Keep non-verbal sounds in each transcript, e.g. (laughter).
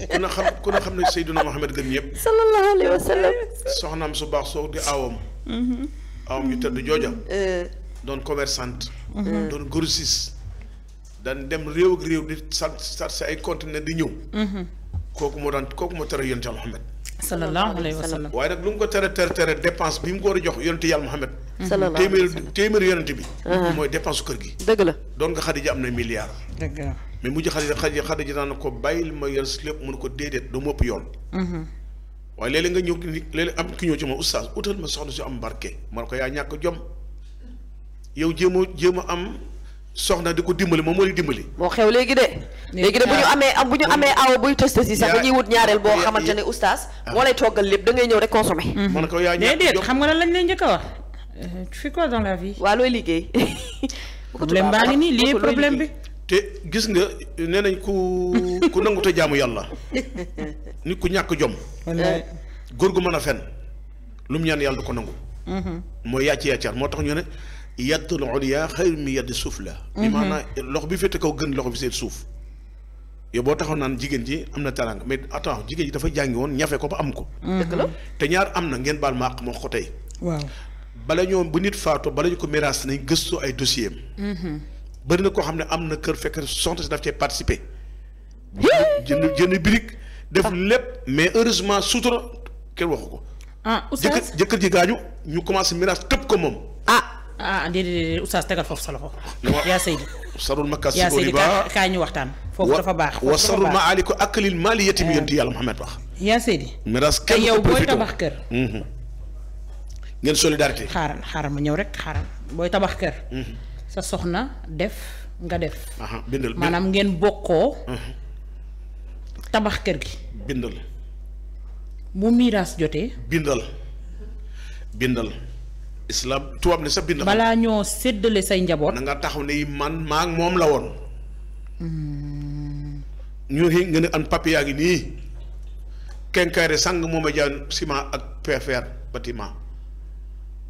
ku ne xam ku ne xam ne Seydina Mohamed gën ñëpp. sallallahu su baax soo di aawam. aawam mm-hmm. yu tedd jooja. Eh. doon commerçante. Mm-hmm. doon grossiste. daan dem réew ak réew di sar sar si ay conteneur di ñëw. Mm-hmm. kooku moo daan kooku moo tere yonent yàlla Mohamed. waaye nag lu mu ko tere tere tere dépense bi mu ko war a jox yonent yàlla Mohamed. téeméer téeméer yonent bi. Uh-huh. mooy dépense kër gi. dëgg la doon nga Xadija am na milliard. mais mujj xadija xadija xadija naan ko bàyyil ma yor si lépp mun ko déedéet du mopp yoon. Mm-hmm. waaye léeg-léeg nga ñëw léeg-léeg am ki ñëw ci ma oustaz ma soxna si am barke ma ne ko a a am. soxna di ko dimbali moom moo di dimbali. moo xew léegi de. léegi de bu ñu bu ñu ne oustaz. Ah. moo lay toggal lépp da ngay ñëw rek consommé. Mm-hmm. man ko yaa ñàkk déedéet xam nga lan lañ lay a wax. Euh, tu fais quoi dans la vie. waa looy liggéey. bu ko problème problème bi. te eh, gis nga nee nañ ku ku nangu te jaamu yàlla (laughs) nit ku ñàkk jom góor gu mën a fen lu mu ñaan yàlla du ko nangu mm-hmm. mooy yàcc yàccaar moo tax ñu ne yaddul ulya xayr mi yadd suuf la mm-hmm. bi loxo bi féete kaw gën loxo bi seen suuf yow boo taxoon naan jigéen ji am na teraanga mais attends jigéen ji dafa jàngi woon ñafe ko ba am ko mm-hmm. dëgg la te ñaar am na ngeen baal ma àq ko tey waaw bala ñoom bu nit faatoo bala ñu ko miraas nañ gëstu ay dossier bëri na koo xam ne am na kër fekk soxna si daf cee participer. jënd jënd birig def lépp mais heureusement sutura kenn waxu ko. ah oustaz jëkkër ji gaañu ñu commencé mirage tëb ko moom. ah ah déedéet oustaz tegal foofu sa loxo. yaa Seydi. sarul ma kaas si riba kaa ñu waxtaan. foofu dafa baax wa sarul ma ali ko akalil maali yetim eh. yonti yàlla Muhammad wax. yaa Seydi. mirage kenn yow booy tabax kër. Mhm. ngeen solidarité. xaaral xaaral ma ñëw rek xaaral booy tabax kër. Mhm. sa soxna def nga def. bindal maanaam ngeen bokkoo. tabax kër gi. bindal. bu miiraas jotee. bindal bindal. islam tubaab ne sa bindal. balaa ñoo séddale say njaboot. na nga taxaw ne man maa moom la woon. ñu ngi nga ne an papier yaa ngi nii. kenkaare sàng moom a jaan ciment ak PFR bâtiment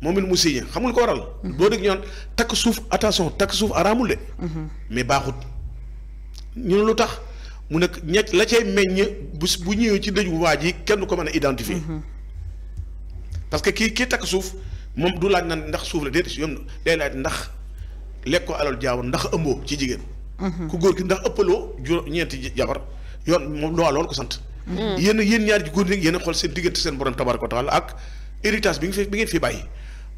moom it mu signé xamul ko waral. boo mhm. dégg ñoon takk suuf attention takk suuf araamul de. Mhm. mais baaxut ñun lu tax mu nekk ñett la cay meññ bu bu ñëwee ci dëj bu waa ji kenn du ko mën a identifier. Mhm. parce que kii kii takk suuf moom du laaj naan ndax suuf la si yoon day laaj ndax lekk ko alal jaaw ndax ëmboo ci jigéen. ku góor ki ndax ëppaloo juróom ñeenti jabar yoon moom loo loolu ko sant. yéen yéen ñaar ji góor ñi yéen a xool seen diggante seen borom tabaaraka taala ak héritage bi nga fi bi ngeen fi bàyyi.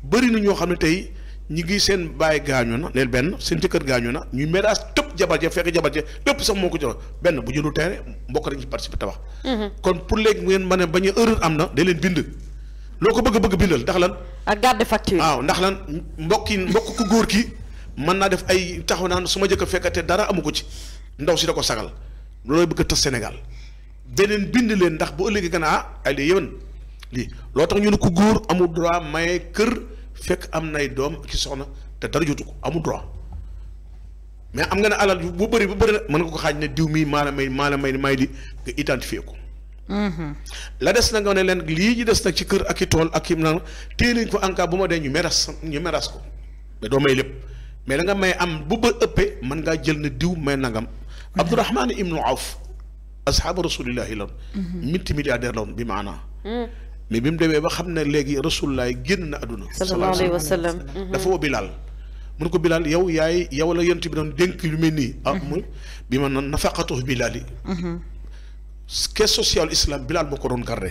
bëri na ñoo xam ne tey ñi ngi seen baay gaañu na leen benn seen jëkkër gaañu na ñuy ménage tëpp jabar ja fekk jabar ja lépp sax moo ko jox benn bu jëndu terrain mbokk dañ ci participer tabax mhm. kon pour léegi ngeen mën a bañ am na day leen bind loo ko bëgg bëgg bindal ndax lan ak garde facture waaw ndax lan mbokk yi mbokk ko góor ki mën naa def ay taxaw naan su ma jëkk fekkate dara amu ko ci ndaw si da ko sagal loolu bëgg a tas Sénégal beneen bind leen ndax bu ëllëgee gën a ah ay yéen lii loo tax ñu ne ko góor amul droit maye kër fekk am nay doom ci soxna te dara jotu ko amul droit mais am nga ne alal bu bëri bu bëri la mën nga ko xaaj ne diw mii maa may maa may may li nga identifier ko. Mm-hmm. la des na nga ne leen lii ñu des nag ci kër ak i tool ak i naan téye nañ ko bu ma dee ñu meras ñu meras ko mais doo lépp mais da nga may am bu ba ëppee mën ngaa jël ne diw may nangam. Mm-hmm. Abdourahman ibnu Awf ashaaba rasulillahi lan. Mm-hmm. multimilliardaire la woon bi maanaa mm. mais bi mu demee ba xam ne léegi rasulullah génn na àdduna sallallahu alayhi wa sallam mhm. dafa woo ko Bilal yow yaay yow la yent bi doon dénk lu mel nii ah mu bi ma naan nafaqatu Bilal yi mhm. caisse sociale islam Bilal moo ko doon garde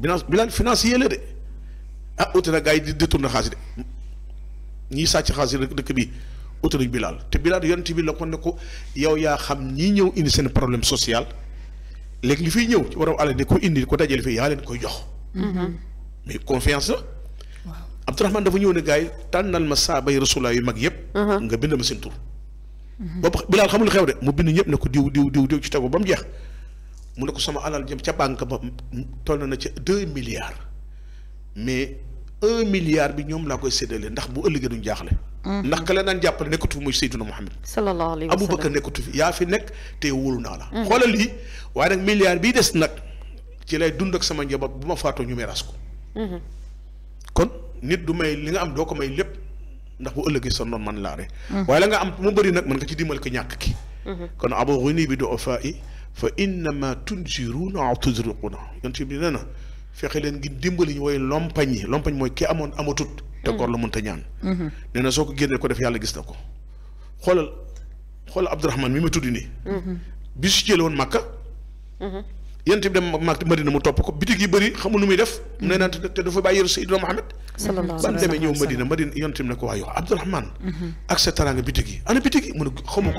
binance financier la de ah uti na gars yi di sàcc xaalis yi dëkk bi uti nañ Bilal te Bilal yent bi la ko ko yow yaa xam ñii ñëw indi seen problème social léegi li fi ñëw ci waram àll ne ko indi ko dajale fii yaa leen koy jox Mm-hmm. mais confiance la. waaw Abdourahmane dafa ñëw ne gars yi tànnal ma saabay rasulaay yu mag yëpp. Mm-hmm. nga bind ma seen tur. Mm-hmm. boobu Bilaal xamul xew de mu bind ñëpp ne ko diw diw diw diw ci tegu ba mu jeex mu ne ko sama alal jëm ca banque ba toll na ca deux milliards mais un milliard bi ñoom laa koy séddale ndax bu ëllëgee duñ jaaxle. ndax ka la daan jàppale nekkatu fi muy Seydina Muhammad. sallallahu alayhi wa sallam Abubakar nekkatu fi yaa fi nekk te wóolu naa la. xoolal lii waaye nag milliard bii des nag. ci lay dund ak sama njaboot bu ma faatoo ñu meeraas ko. kon nit du may li nga am doo ko may lépp ndax bu ëllëgee sa noon man laare waaye la nga am mu bëri nag mën nga ci dimbal ko ñàkk ki. kon abo runi bi du ofaa i fa innama tunziruuna aw tuzriquuna yonent bi nee na fexe leen ngi dimbali ñu woy lompañ yi lompañ mooy ki te góor mënta ñaan. nee soo ko génnee ko def yàlla gis na ko xoolal xoolal Abdourahman mi ma tudd nii. Mhm. bi su jëlee woon mhm. yéen itam dem mag Madina mu topp ko bitig yi bëri xamul nu muy def. mu mm-hmm. ne naan te dafa bàyyi yëru Seydina Mohamed. sallallahu alayhi wa demee ñëw Madina Madina yéen itam ko waa yow Abdourahman. Mm-hmm. sa taranga bitig yi ma ku mu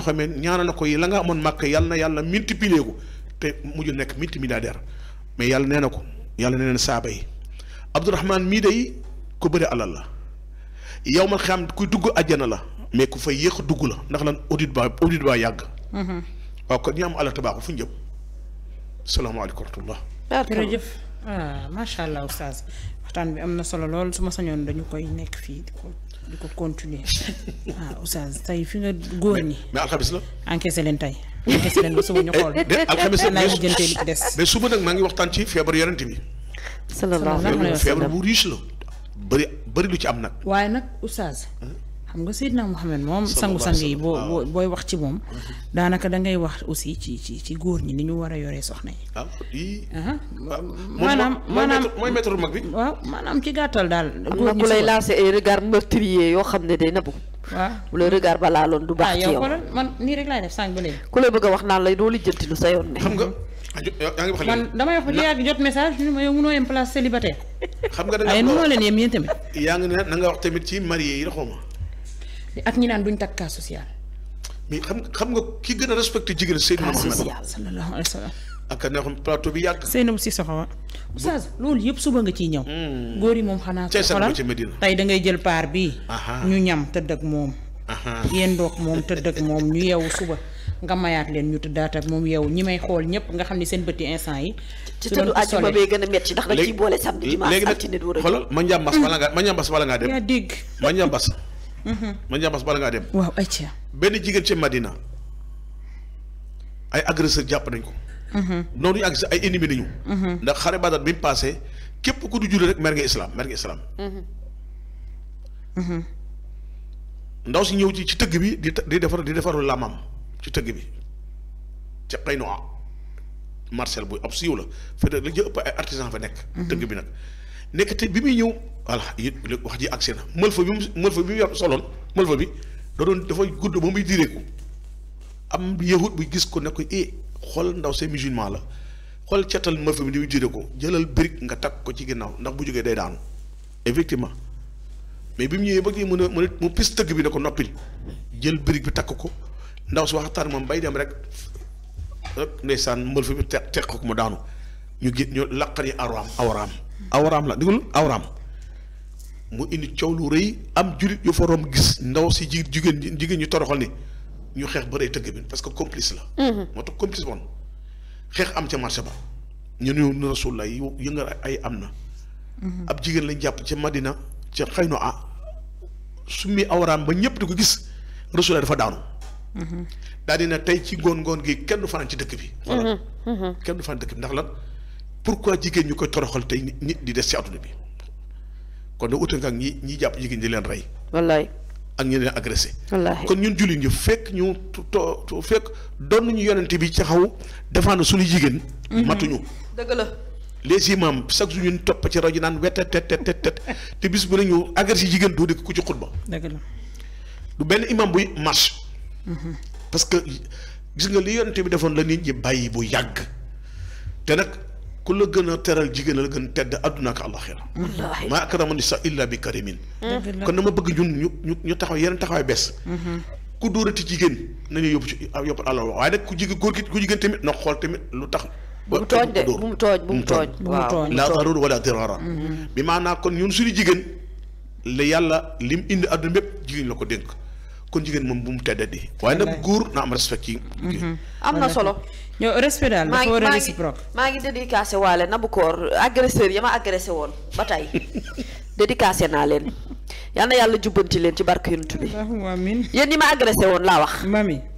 mm-hmm. la nga amoon màkk yàlla na yàlla multiplier nekk multimilliardaire mais xam kuy dugg àjjana la mais ku fa yéex dugg la ndax lan audit ba audit ba yàgg. Mhm. waaw kon ñi am alerte baaxu fu ñu jëm. salaamaaleykum wa rahmatulah. Ah, bi am na solo lool su ma sañoon dañu koy nekk fii di ko continuer waaw (laughs) ah, tey fi nga góor ñi. mais alxamis la. encaissé leen tey encaissé leen ba suba xool. de (laughs) alxamis la mais jëntee li ci des. nag maa ngi waxtaan ci feebar yonent bi. sallallahu alayhi wa sallam feebar bu riche la. bari bëri lu ci am nag. waaye nag oustaz. xam nga Seydina Mohamed moom sangu-sang yi boo boo booy wax ci moom mm-hmm. daanaka da ngay wax aussi ci ci ci góor ñi ni ñu war a yoree soxna yi ah, ah maanaam maanaam mooy maître mag bi waaw maanaam ci gàttal daal góor ñi ku lay lancé ay regard meurtrier yoo xam ne day nabu waaw bu lay regard loon du baax ah, ci man nii rek laay def sànq ba léegi ku lay a wax naan lay doo sa xam nga mm-hmm. ah, yaa wax man damay wax ba ci yàgg jot message ñu ma yow mënoo yem place célibataire xam nga da leen yem yéen tamit yaa ngi ne na nga wax tamit ci marié yi la xaw ma ak ñi naan duñ takk cas social. mais xam xam nga ki gën a respecté jigéen Seydou Mohamed. cas social sallallahu alayhi wa sallam. ak neexum plateau bi yàgg. Seydou si soxawa. oustaz loolu yëpp suba nga ciy ñëw. Hmm. góor yi moom xanaa. tey xoolal tey da ngay jël paar bi ñu ñam tëdd ak moom. yéen doog moom tëdd ak moom ñu yeewu suba. nga mayaat leen ñu tëddaat ak moom yow ñi may xool ñëpp nga xam ne seen bëti instant yi. ci tëddu àjjuma bee gën a métti ndax da boole samedi dimanche altine. léegi nag xoolal ma wala nga ma njàmbas wala ngaa dem. Mm-hmm. ma njàmbas bala ngaa dem. waaw ayca. benn jigéen ci Madina ay agresseur jàpp nañ ko. Mm-hmm. noonu ñu ak ay ennemi nañu. Mm-hmm. ndax xare Badar bi mu passé képp ku du julli rek mer nga islam mer nga islam. ndaw si ñëw ci ci tëgg bi di di defar di defarul lamam ci tëgg bi ci Qaynuwaa Marcel bu ab siiw la fa la jë ëpp ay artisan fa nekk. tëgg bi nag nekk bi muy ñëw. voilà it wax ji agsi na mël fa bi mu mël fa bi mu yor soloon mël bi da doon dafay gudd ba muy direeku am yahut bu gis ko ne ko eh xool ndaw see musulman la xool cetal mël fa bi di muy diree ko jëlal brique nga takk ko ci ginnaaw ndax bu jógee day daanu effectivement mais bi mu ñëwee ba kii mën a mu pis tëgg bi ne ko noppil jël brique bi takk ko ndaw si waxtaan moom bay dem rek rek ndeysaan mbël fi mu teq teq ko mu daanu ñu gis ñu laqari awraam awraam awraam la digul awraam mu indi coow lu rëy am jullit yu fa rom gis ndaw si ji jigéen jigéen ñu toroxal ni ñu xeex ba rey tëgg bi parce que complice la. Mhm. moo tax complice bon xeex am ca marché ba ñu ne Rasulullah yëngal ay am na. Mhm. ab jigéen lañ jàpp ca Madina ca xëy na ah summi awraam ba ñëpp di ko gis Rasulullah dafa daanu. Mhm. daal di ne tey ci ngoon ngoon gi kenn du fanaan ci dëkk bi. kenn du fanaan dëkk bi ndax lan pourquoi jigéen ñu koy toroxal tey nit di des ci adduna bi. kon nag utal nga ak ñi ñi jàpp jigéen di leen rey. wallaay. ak ñi leen agressé. wallaay kon ñun jullit ñi fekk ñu to fekk doon ñu yonent bi ci xaw defaan suñu jigéen. Mhm. matuñu. dëgg la. les imams chaque jour ñun topp ci rajo naan wet tet tet te bis bu ne ñu agressé jigéen doo dikk ku ci xutba. dëgg la du benn imam buy marche. Mhm. parce que gis nga li yonent bi defoon la nit ñi bàyyi bu yàgg te nag. ku la gën a teral jigéen la gën tedd àdduna ak àllaxira maa akrama nisa illa bi karimin kon dama bëgg ñun ñu ñu ñu taxaw yeneen taxawaay bees mhm. ku dóorati jigéen nañu yóbbu ci ah, yóbbu àll waaye nag ku jigéen góor gi ku jigéen tamit na xool tamit lu tax bu mu tooñ de bu mu tooñ bu mu tooñ laa darur wala dirara mhm. bi maanaa kon ñun suñu jigéen la yàlla lim indi àdduna bépp jigéen la ko dénk kon jigéen moom bu mu teddadi waaye nag góor na am respect ci mhm. am na solo ñoo respect daal dafa war a réciproque maa ngi dédicacé waale Nabou Cor agresseur ya ma agressé woon ba tey (laughs) dédicacé naa leen yal na yàlla jubbanti leen ci barke yonent bi yéen ñi ma agressé woon laa wax mami